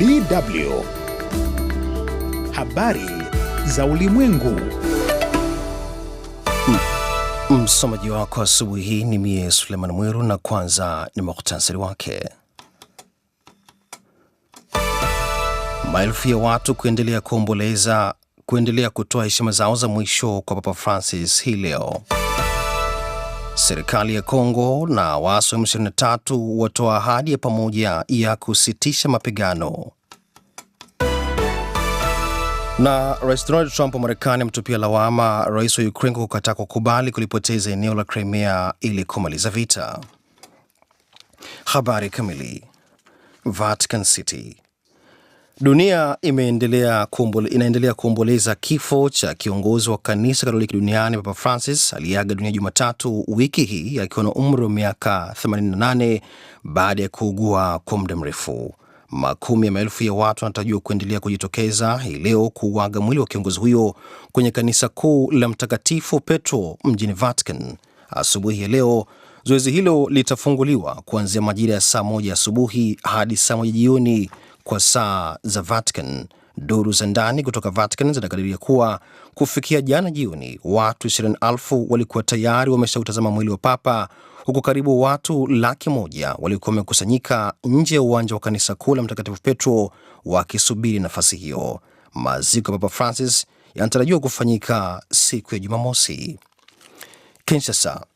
DW. Habari za Ulimwengu. Mm. Msomaji wako asubuhi hii ni mie Suleiman Mwiru, na kwanza ni muhtasari wake. Maelfu ya watu kuendelea kuomboleza, kuendelea kutoa heshima zao za mwisho kwa Papa Francis hii leo. Serikali ya Kongo na waasi wa M23 watoa ahadi ya pamoja ya kusitisha mapigano. Na Rais Donald Trump wa Marekani amtupia lawama rais wa Ukraine kwa kukataa kukubali kulipoteza eneo la Crimea ili kumaliza vita. Habari kamili. Vatican City Dunia imeendelea inaendelea kuomboleza kifo cha kiongozi wa kanisa Katoliki duniani Papa Francis aliyeaga dunia Jumatatu wiki hii akiwa na umri wa miaka 88 baada ya kuugua kwa muda mrefu. Makumi ya maelfu ya watu wanatarajiwa kuendelea kujitokeza hii leo kuuaga mwili wa kiongozi huyo kwenye kanisa kuu la Mtakatifu Petro mjini Vatican. Asubuhi ya leo zoezi hilo litafunguliwa kuanzia majira ya saa moja asubuhi hadi saa moja jioni kwa saa za Vatican. Duru za ndani kutoka Vatican zinakadiria kuwa kufikia jana jioni watu elfu walikuwa tayari wameshautazama mwili wa Papa, huku karibu watu laki moja walikuwa wamekusanyika nje ya uwanja wa kanisa kuu la Mtakatifu Petro wakisubiri nafasi hiyo. Maziko ya Papa Francis yanatarajiwa kufanyika siku ya Jumamosi. Kinshasa,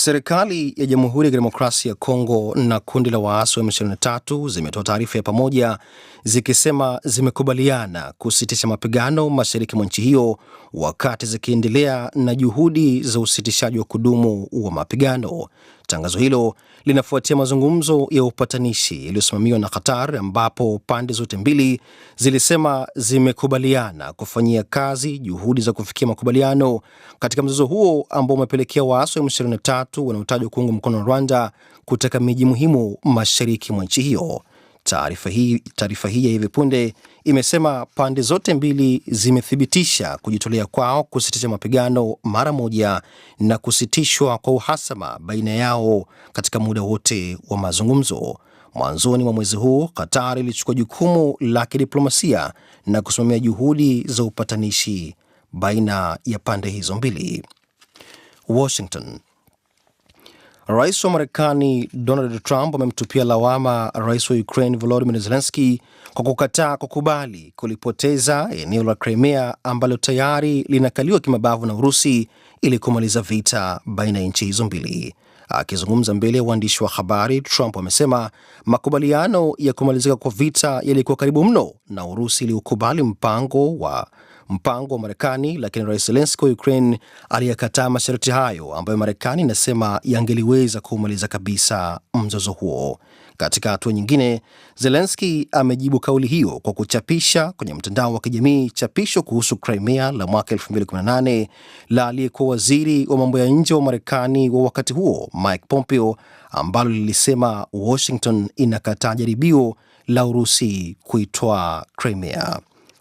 Serikali ya Jamhuri ya Kidemokrasia ya Kongo na kundi la waasi wa M23 zimetoa taarifa ya pamoja zikisema zimekubaliana kusitisha mapigano mashariki mwa nchi hiyo wakati zikiendelea na juhudi za usitishaji wa kudumu wa mapigano. Tangazo hilo linafuatia mazungumzo ya upatanishi yaliyosimamiwa na Qatar ambapo pande zote mbili zilisema zimekubaliana kufanyia kazi juhudi za kufikia makubaliano katika mzozo huo ambao umepelekea waasi wa M23 wanaotajwa kuunga mkono Rwanda kuteka miji muhimu mashariki mwa nchi hiyo. Taarifa hii, taarifa hii ya hivi punde imesema pande zote mbili zimethibitisha kujitolea kwao kusitisha mapigano mara moja na kusitishwa kwa uhasama baina yao katika muda wote wa mazungumzo. Mwanzoni mwa mwezi huu, Qatar ilichukua jukumu la kidiplomasia na kusimamia juhudi za upatanishi baina ya pande hizo mbili. Washington Rais wa Marekani Donald Trump amemtupia lawama rais wa Ukraine Volodymyr Zelensky kwa kukataa kukubali kulipoteza eneo la Crimea ambalo tayari linakaliwa kimabavu na Urusi ili kumaliza vita baina ya nchi hizo mbili. Akizungumza mbele ya waandishi wa habari, Trump amesema makubaliano ya kumalizika kwa vita yalikuwa karibu mno na Urusi iliukubali mpango wa mpango wa Marekani, lakini Rais Zelenski wa Ukraine aliyekataa masharti hayo ambayo Marekani inasema yangeliweza kumaliza kabisa mzozo huo. Katika hatua nyingine, Zelenski amejibu kauli hiyo kwa kuchapisha kwenye mtandao wa kijamii chapisho kuhusu Crimea la mwaka 2018 la aliyekuwa waziri wa mambo ya nje wa Marekani wa wakati huo Mike Pompeo, ambalo lilisema Washington inakataa jaribio la Urusi kuitwaa Crimea.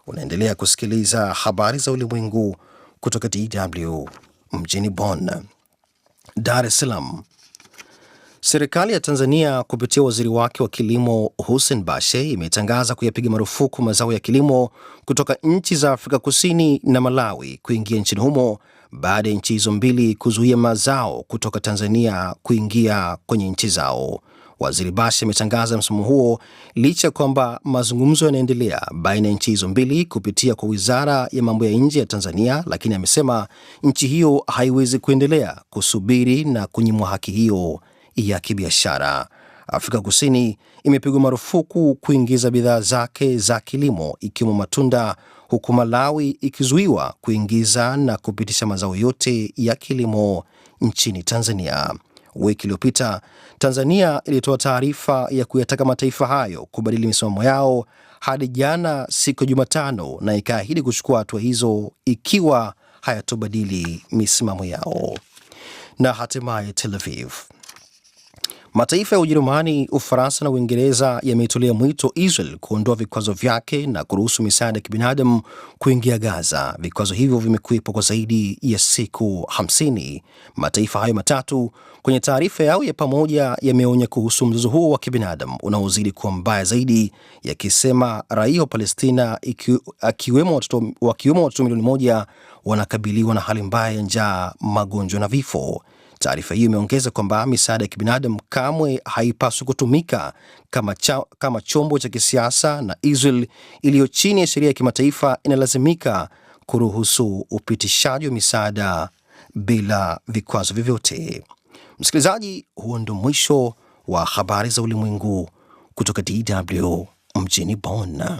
Unaendelea kusikiliza habari za ulimwengu kutoka DW mjini Bonn. Dar es Salaam, serikali ya Tanzania kupitia waziri wake wa kilimo Hussein Bashe imetangaza kuyapiga marufuku mazao ya kilimo kutoka nchi za Afrika Kusini na Malawi kuingia nchini humo baada ya nchi hizo mbili kuzuia mazao kutoka Tanzania kuingia kwenye nchi zao. Waziri Bashe ametangaza msimamo huo licha ya kwamba mazungumzo yanaendelea baina ya nchi hizo mbili kupitia kwa wizara ya mambo ya nje ya Tanzania, lakini amesema nchi hiyo haiwezi kuendelea kusubiri na kunyimwa haki hiyo ya kibiashara. Afrika Kusini imepigwa marufuku kuingiza bidhaa zake za kilimo ikiwemo matunda, huku Malawi ikizuiwa kuingiza na kupitisha mazao yote ya kilimo nchini Tanzania. Wiki iliyopita Tanzania ilitoa taarifa ya kuyataka mataifa hayo kubadili misimamo yao hadi jana siku ya Jumatano, na ikaahidi kuchukua hatua hizo ikiwa hayatobadili misimamo yao. Na hatimaye Tel Aviv Mataifa ya Ujerumani, Ufaransa na Uingereza yametolea mwito Israel kuondoa vikwazo vyake na kuruhusu misaada ya kibinadamu kuingia Gaza. Vikwazo hivyo vimekuwepo kwa zaidi ya siku 50. Mataifa hayo matatu kwenye taarifa yao ya pamoja yameonya kuhusu mzozo huo wa kibinadamu unaozidi kuwa mbaya zaidi, yakisema raia wa Palestina wakiwemo watoto milioni moja wanakabiliwa na hali mbaya ya njaa, magonjwa na vifo. Taarifa hiyo imeongeza kwamba misaada ya kibinadamu kamwe haipaswi kutumika kama, cha, kama chombo cha kisiasa na Israel iliyo chini ya sheria ya kimataifa inalazimika kuruhusu upitishaji wa misaada bila vikwazo vyovyote. Msikilizaji, huo ndio mwisho wa habari za ulimwengu kutoka DW mjini Bonn.